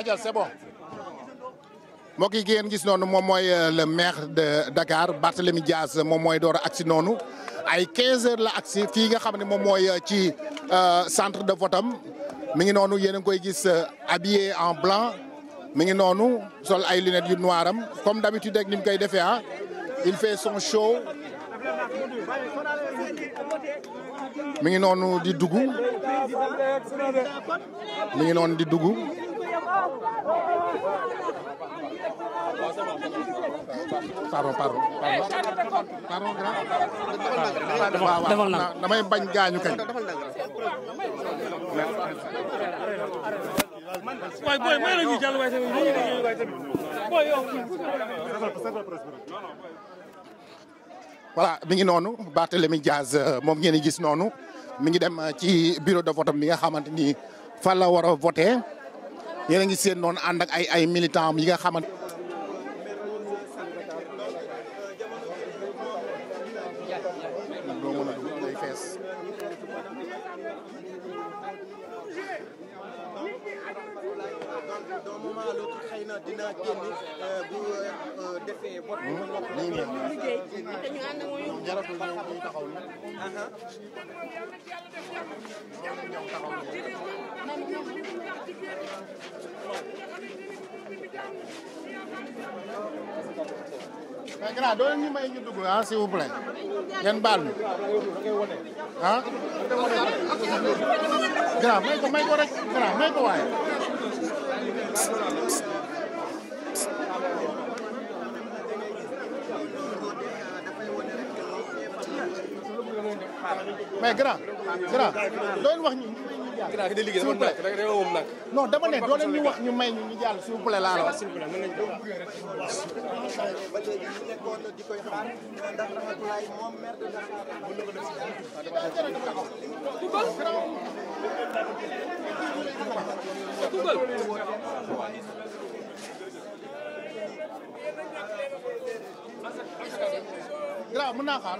ajal c'est bon mbokk gis noonu moom mooy euh, le maire de Dakar Barthélémy Dias moom mooy door aksi noonu ay 15 heures la aksi fii nga xam ne moom mooy euh, ci euh, centre de vote am mi ngi noonu yéen ngi koy gis habillé en blanc mi ngi noonu sol ay lunettes yu noir am comme d'habitude rek ni mu koy defee ah il fait son show mi ngi noonu di dugg mi ngi noonu di dugg. pardon pardon pardon defal na damay bañ gaañu kañ waaye mi ngi noonu Barthélémy euh, moom ngeen di gis noonu mi ngi dem euh, ci bureau de vote mi nga xamante ni fa la war a yéen a ngi seen noonu ànd ay ay militants yi nga xamante. Mmh. mais grand doo leen ñu may ñu dugg ah s'il vous plaît baal mi ah. grand ko may ko rek ko waaye. mais grand grand doo leen wax ñu. non dama ne doo leen ñu wax ñu may ñu ñu jàll s'il vous plaît laa la wax. Grave mën naa xaar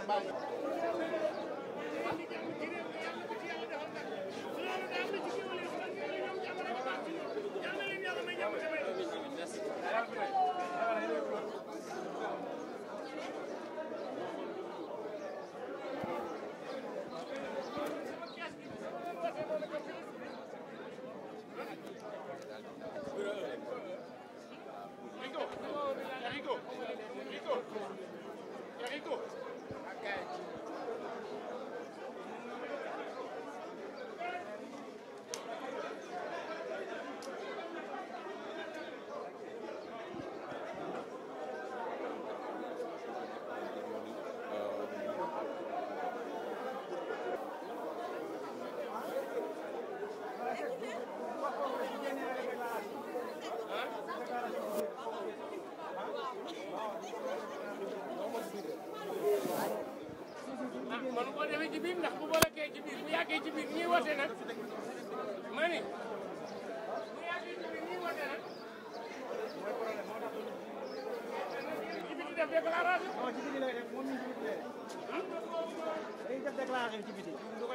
biir ndax bu boolekee ci biir bu yàggee ci biir ñiy woote nag ma ni bu yàggee ci biir ñiy woote nag. ci biti def déclaration. non o biti lay def moom ñu ngi ci biti lay def. dañuy def déclaration ci biti du ko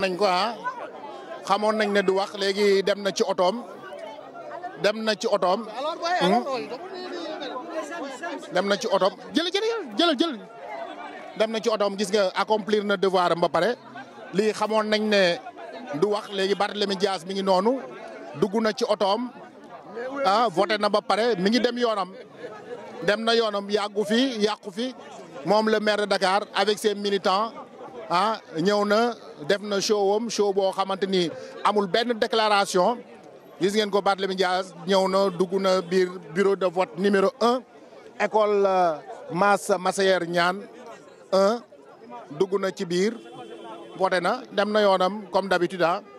nañ ko ah xamoon nañ ne du wax léegi dem na ci otoom dem na ci otoom. Hmm? dem na ci otoom jël jël jël dem na ci otoom gis nga accomplir na devoir am ba pare lii xamoon nañ ne du wax léegi Barthélémy Dias mi ngi noonu dugg na ci otoom ah voté na ba pare mi ngi dem yoonam dem na yoonam yàggu fi yàqu fi moom le maire de Dakar avec ses militants. ah ñëw na def na showam show boo xamante ni amul benn déclaration gis ngeen ko Barthélémy Dias ñëw na dugg na biir bureau de vote numéro un école euh, Mass Massayer ñaan un dugg na ci biir voté na dem na yoonam comme d'habitude ah.